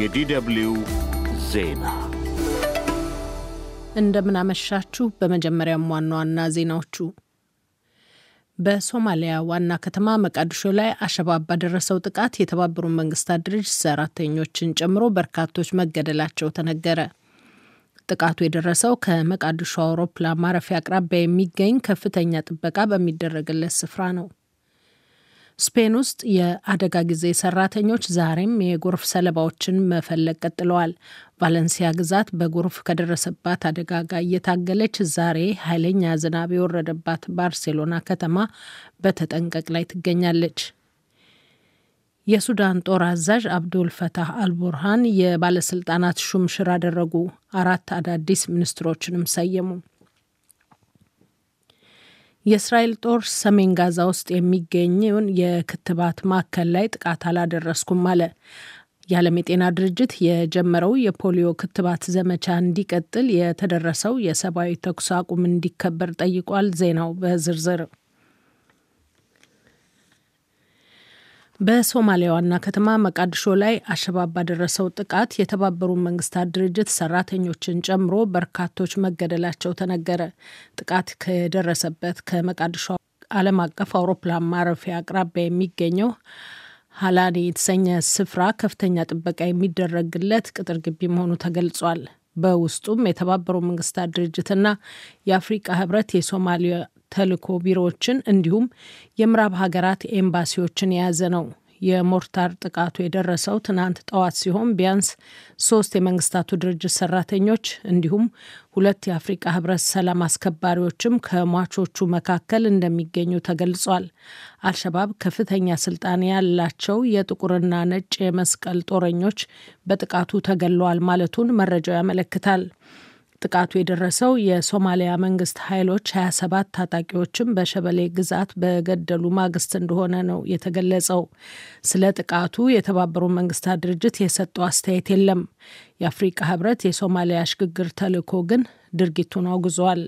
የዲደብሊው ዜና እንደምናመሻችሁ። በመጀመሪያም ዋና ዋና ዜናዎቹ በሶማሊያ ዋና ከተማ መቃዲሾ ላይ አሸባብ ባደረሰው ጥቃት የተባበሩ መንግስታት ድርጅት ሰራተኞችን ጨምሮ በርካቶች መገደላቸው ተነገረ። ጥቃቱ የደረሰው ከመቃዲሾ አውሮፕላን ማረፊያ አቅራቢያ የሚገኝ ከፍተኛ ጥበቃ በሚደረግለት ስፍራ ነው። ስፔን ውስጥ የአደጋ ጊዜ ሰራተኞች ዛሬም የጎርፍ ሰለባዎችን መፈለግ ቀጥለዋል። ቫለንሲያ ግዛት በጎርፍ ከደረሰባት አደጋ ጋር እየታገለች ዛሬ ኃይለኛ ዝናብ የወረደባት ባርሴሎና ከተማ በተጠንቀቅ ላይ ትገኛለች። የሱዳን ጦር አዛዥ አብዱል ፈታህ አልቡርሃን የባለስልጣናት ሹምሽር አደረጉ። አራት አዳዲስ ሚኒስትሮችንም ሰየሙ። የእስራኤል ጦር ሰሜን ጋዛ ውስጥ የሚገኘውን የክትባት ማዕከል ላይ ጥቃት አላደረስኩም አለ። የዓለም የጤና ድርጅት የጀመረው የፖሊዮ ክትባት ዘመቻ እንዲቀጥል የተደረሰው የሰብአዊ ተኩስ አቁም እንዲከበር ጠይቋል። ዜናው በዝርዝር በሶማሊያ ዋና ከተማ መቃድሾ ላይ አሸባብ ባደረሰው ጥቃት የተባበሩ መንግስታት ድርጅት ሰራተኞችን ጨምሮ በርካቶች መገደላቸው ተነገረ። ጥቃት ከደረሰበት ከመቃድሾ ዓለም አቀፍ አውሮፕላን ማረፊያ አቅራቢያ የሚገኘው ሀላኒ የተሰኘ ስፍራ ከፍተኛ ጥበቃ የሚደረግለት ቅጥር ግቢ መሆኑ ተገልጿል። በውስጡም የተባበሩ መንግስታት ድርጅትና የአፍሪቃ ህብረት የሶማሊያ ተልዕኮ ቢሮዎችን እንዲሁም የምዕራብ ሀገራት ኤምባሲዎችን የያዘ ነው። የሞርታር ጥቃቱ የደረሰው ትናንት ጠዋት ሲሆን ቢያንስ ሶስት የመንግስታቱ ድርጅት ሰራተኞች እንዲሁም ሁለት የአፍሪቃ ህብረት ሰላም አስከባሪዎችም ከሟቾቹ መካከል እንደሚገኙ ተገልጿል። አልሸባብ ከፍተኛ ስልጣን ያላቸው የጥቁርና ነጭ የመስቀል ጦረኞች በጥቃቱ ተገለዋል ማለቱን መረጃው ያመለክታል። ጥቃቱ የደረሰው የሶማሊያ መንግስት ኃይሎች 27 ታጣቂዎችን በሸበሌ ግዛት በገደሉ ማግስት እንደሆነ ነው የተገለጸው። ስለ ጥቃቱ የተባበሩ መንግስታት ድርጅት የሰጠው አስተያየት የለም። የአፍሪቃ ህብረት የሶማሊያ ሽግግር ተልዕኮ ግን ድርጊቱን አውግዟል።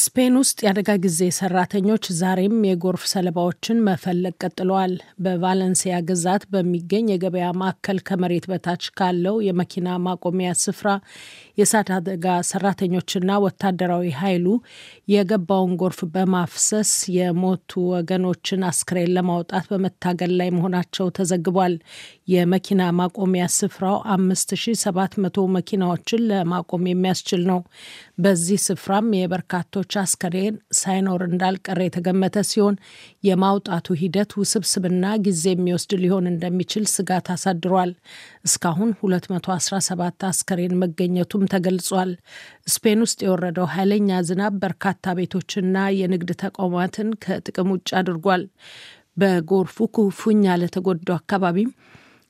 ስፔን ውስጥ የአደጋ ጊዜ ሰራተኞች ዛሬም የጎርፍ ሰለባዎችን መፈለግ ቀጥለዋል። በቫለንሲያ ግዛት በሚገኝ የገበያ ማዕከል ከመሬት በታች ካለው የመኪና ማቆሚያ ስፍራ የእሳት አደጋ ሰራተኞችና ወታደራዊ ኃይሉ የገባውን ጎርፍ በማፍሰስ የሞቱ ወገኖችን አስክሬን ለማውጣት በመታገል ላይ መሆናቸው ተዘግቧል። የመኪና ማቆሚያ ስፍራው 5700 መኪናዎችን ለማቆም የሚያስችል ነው። በዚህ ስፍራም የበርካቶች አስከሬን ሳይኖር እንዳልቀረ የተገመተ ሲሆን የማውጣቱ ሂደት ውስብስብና ጊዜ የሚወስድ ሊሆን እንደሚችል ስጋት አሳድሯል። እስካሁን 217 አስከሬን መገኘቱም ተገልጿል። ስፔን ውስጥ የወረደው ኃይለኛ ዝናብ በርካታ ቤቶችና የንግድ ተቋማትን ከጥቅም ውጭ አድርጓል። በጎርፉ ክፉኛ ለተጎዳው አካባቢም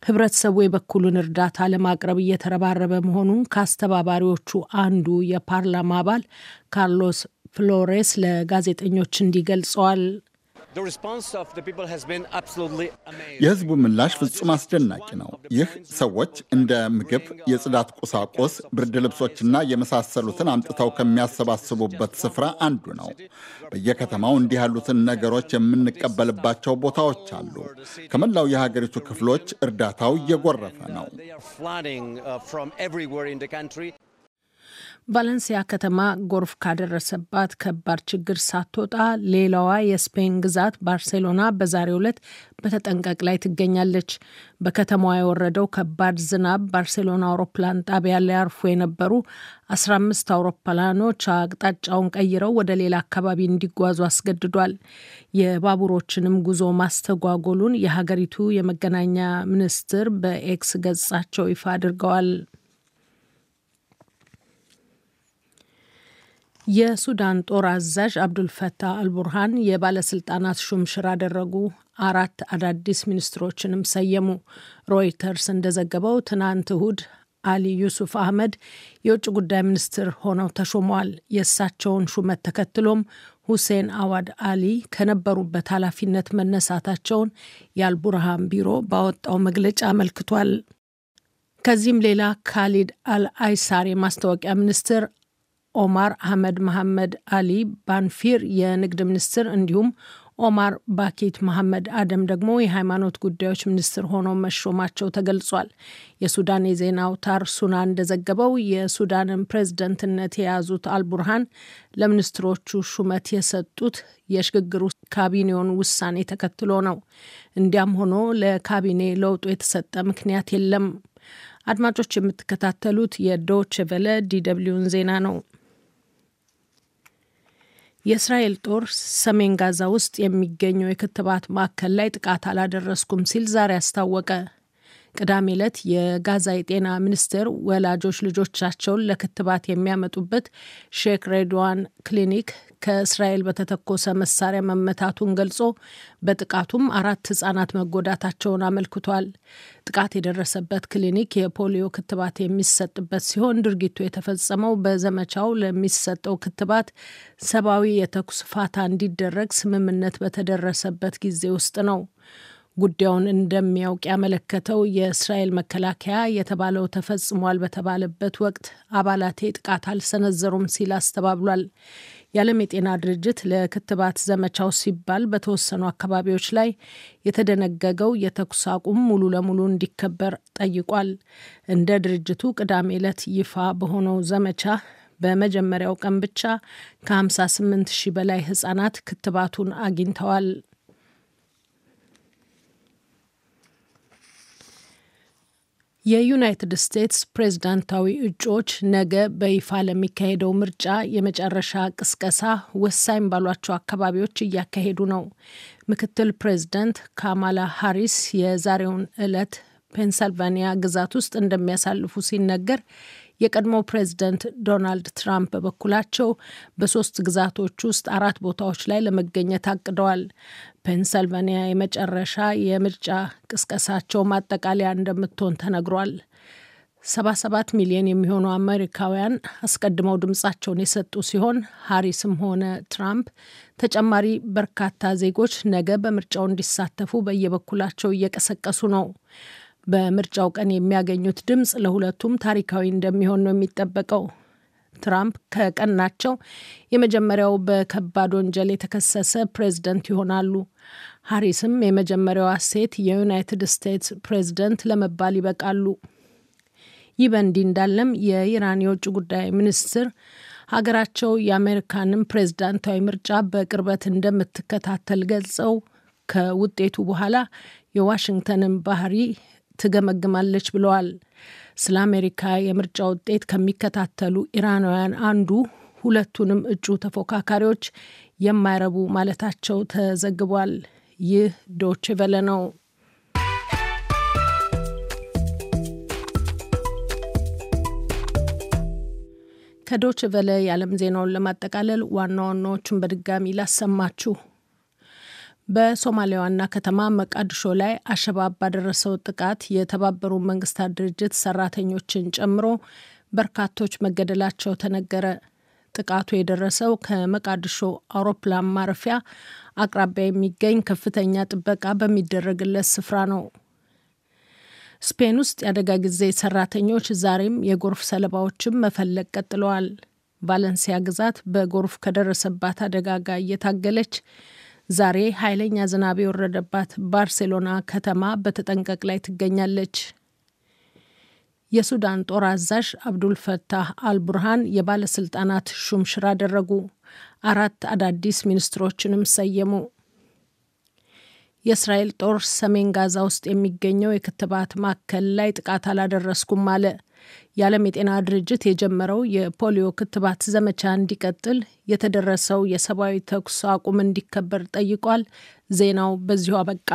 ህብረተሰቡ የበኩሉን እርዳታ ለማቅረብ እየተረባረበ መሆኑን ከአስተባባሪዎቹ አንዱ የፓርላማ አባል ካርሎስ ፍሎሬስ ለጋዜጠኞች እንዲገልጸዋል። የህዝቡ ምላሽ ፍጹም አስደናቂ ነው። ይህ ሰዎች እንደ ምግብ፣ የጽዳት ቁሳቁስ፣ ብርድ ልብሶችና የመሳሰሉትን አምጥተው ከሚያሰባስቡበት ስፍራ አንዱ ነው። በየከተማው እንዲህ ያሉትን ነገሮች የምንቀበልባቸው ቦታዎች አሉ። ከመላው የሀገሪቱ ክፍሎች እርዳታው እየጎረፈ ነው። ቫለንሲያ ከተማ ጎርፍ ካደረሰባት ከባድ ችግር ሳትወጣ ሌላዋ የስፔን ግዛት ባርሴሎና በዛሬው ዕለት በተጠንቀቅ ላይ ትገኛለች። በከተማዋ የወረደው ከባድ ዝናብ ባርሴሎና አውሮፕላን ጣቢያ ላይ አርፎ የነበሩ 15 አውሮፕላኖች አቅጣጫውን ቀይረው ወደ ሌላ አካባቢ እንዲጓዙ አስገድዷል። የባቡሮችንም ጉዞ ማስተጓጎሉን የሀገሪቱ የመገናኛ ሚኒስትር በኤክስ ገጻቸው ይፋ አድርገዋል። የሱዳን ጦር አዛዥ አብዱልፈታህ አልቡርሃን የባለስልጣናት ሹምሽር አደረጉ። አራት አዳዲስ ሚኒስትሮችንም ሰየሙ። ሮይተርስ እንደዘገበው ትናንት እሁድ አሊ ዩሱፍ አህመድ የውጭ ጉዳይ ሚኒስትር ሆነው ተሾመዋል። የእሳቸውን ሹመት ተከትሎም ሁሴን አዋድ አሊ ከነበሩበት ኃላፊነት መነሳታቸውን የአልቡርሃን ቢሮ ባወጣው መግለጫ አመልክቷል። ከዚህም ሌላ ካሊድ አልአይሳር የማስታወቂያ ሚኒስትር ኦማር አህመድ መሐመድ አሊ ባንፊር የንግድ ሚኒስትር እንዲሁም ኦማር ባኬት መሐመድ አደም ደግሞ የሃይማኖት ጉዳዮች ሚኒስትር ሆኖ መሾማቸው ተገልጿል። የሱዳን የዜና አውታር ሱና እንደዘገበው የሱዳንን ፕሬዝደንትነት የያዙት አልቡርሃን ለሚኒስትሮቹ ሹመት የሰጡት የሽግግሩ ካቢኔውን ውሳኔ ተከትሎ ነው። እንዲያም ሆኖ ለካቢኔ ለውጡ የተሰጠ ምክንያት የለም። አድማጮች የምትከታተሉት የዶችቨለ ዲደብሊውን ዜና ነው። የእስራኤል ጦር ሰሜን ጋዛ ውስጥ የሚገኘው የክትባት ማዕከል ላይ ጥቃት አላደረስኩም ሲል ዛሬ አስታወቀ። ቅዳሜ ዕለት የጋዛ የጤና ሚኒስቴር ወላጆች ልጆቻቸውን ለክትባት የሚያመጡበት ሼክ ሬድዋን ክሊኒክ ከእስራኤል በተተኮሰ መሳሪያ መመታቱን ገልጾ በጥቃቱም አራት ህጻናት መጎዳታቸውን አመልክቷል። ጥቃት የደረሰበት ክሊኒክ የፖሊዮ ክትባት የሚሰጥበት ሲሆን ድርጊቱ የተፈጸመው በዘመቻው ለሚሰጠው ክትባት ሰብአዊ የተኩስ ፋታ እንዲደረግ ስምምነት በተደረሰበት ጊዜ ውስጥ ነው። ጉዳዩን እንደሚያውቅ ያመለከተው የእስራኤል መከላከያ የተባለው ተፈጽሟል በተባለበት ወቅት አባላቴ ጥቃት አልሰነዘሩም ሲል አስተባብሏል። የዓለም የጤና ድርጅት ለክትባት ዘመቻው ሲባል በተወሰኑ አካባቢዎች ላይ የተደነገገው የተኩስ አቁም ሙሉ ለሙሉ እንዲከበር ጠይቋል። እንደ ድርጅቱ ቅዳሜ ዕለት ይፋ በሆነው ዘመቻ በመጀመሪያው ቀን ብቻ ከ58 ሺህ በላይ ህጻናት ክትባቱን አግኝተዋል። የዩናይትድ ስቴትስ ፕሬዝዳንታዊ እጩዎች ነገ በይፋ ለሚካሄደው ምርጫ የመጨረሻ ቅስቀሳ ወሳኝ ባሏቸው አካባቢዎች እያካሄዱ ነው። ምክትል ፕሬዝዳንት ካማላ ሃሪስ የዛሬውን ዕለት ፔንሳልቫኒያ ግዛት ውስጥ እንደሚያሳልፉ ሲነገር የቀድሞ ፕሬዝደንት ዶናልድ ትራምፕ በበኩላቸው በሶስት ግዛቶች ውስጥ አራት ቦታዎች ላይ ለመገኘት አቅደዋል። ፔንሰልቫኒያ የመጨረሻ የምርጫ ቅስቀሳቸው ማጠቃለያ እንደምትሆን ተነግሯል። 77 ሚሊዮን የሚሆኑ አሜሪካውያን አስቀድመው ድምጻቸውን የሰጡ ሲሆን ሃሪስም ሆነ ትራምፕ ተጨማሪ በርካታ ዜጎች ነገ በምርጫው እንዲሳተፉ በየበኩላቸው እየቀሰቀሱ ነው። በምርጫው ቀን የሚያገኙት ድምፅ ለሁለቱም ታሪካዊ እንደሚሆን ነው የሚጠበቀው። ትራምፕ ከቀናቸው የመጀመሪያው በከባድ ወንጀል የተከሰሰ ፕሬዝደንት ይሆናሉ። ሀሪስም የመጀመሪያዋ ሴት የዩናይትድ ስቴትስ ፕሬዝደንት ለመባል ይበቃሉ። ይህ በእንዲህ እንዳለም የኢራን የውጭ ጉዳይ ሚኒስትር ሀገራቸው የአሜሪካንን ፕሬዝዳንታዊ ምርጫ በቅርበት እንደምትከታተል ገልጸው ከውጤቱ በኋላ የዋሽንግተንን ባህሪ ትገመግማለች ብለዋል። ስለ አሜሪካ የምርጫ ውጤት ከሚከታተሉ ኢራናውያን አንዱ ሁለቱንም እጩ ተፎካካሪዎች የማይረቡ ማለታቸው ተዘግቧል። ይህ ዶች ቨለ ነው። ከዶች ቨለ የዓለም ዜናውን ለማጠቃለል ዋና ዋናዎቹን በድጋሚ ላሰማችሁ። በሶማሊያ ዋና ከተማ መቃድሾ ላይ አሸባብ ባደረሰው ጥቃት የተባበሩ መንግስታት ድርጅት ሰራተኞችን ጨምሮ በርካቶች መገደላቸው ተነገረ። ጥቃቱ የደረሰው ከመቃድሾ አውሮፕላን ማረፊያ አቅራቢያ የሚገኝ ከፍተኛ ጥበቃ በሚደረግለት ስፍራ ነው። ስፔን ውስጥ የአደጋ ጊዜ ሰራተኞች ዛሬም የጎርፍ ሰለባዎችን መፈለግ ቀጥለዋል። ቫለንሲያ ግዛት በጎርፍ ከደረሰባት አደጋ ጋር እየታገለች ዛሬ ኃይለኛ ዝናብ የወረደባት ባርሴሎና ከተማ በተጠንቀቅ ላይ ትገኛለች። የሱዳን ጦር አዛዥ አብዱልፈታህ አልቡርሃን የባለስልጣናት ሹምሽር አደረጉ። አራት አዳዲስ ሚኒስትሮችንም ሰየሙ። የእስራኤል ጦር ሰሜን ጋዛ ውስጥ የሚገኘው የክትባት ማዕከል ላይ ጥቃት አላደረስኩም አለ። የዓለም የጤና ድርጅት የጀመረው የፖሊዮ ክትባት ዘመቻ እንዲቀጥል፣ የተደረሰው የሰብአዊ ተኩስ አቁም እንዲከበር ጠይቋል። ዜናው በዚሁ አበቃ።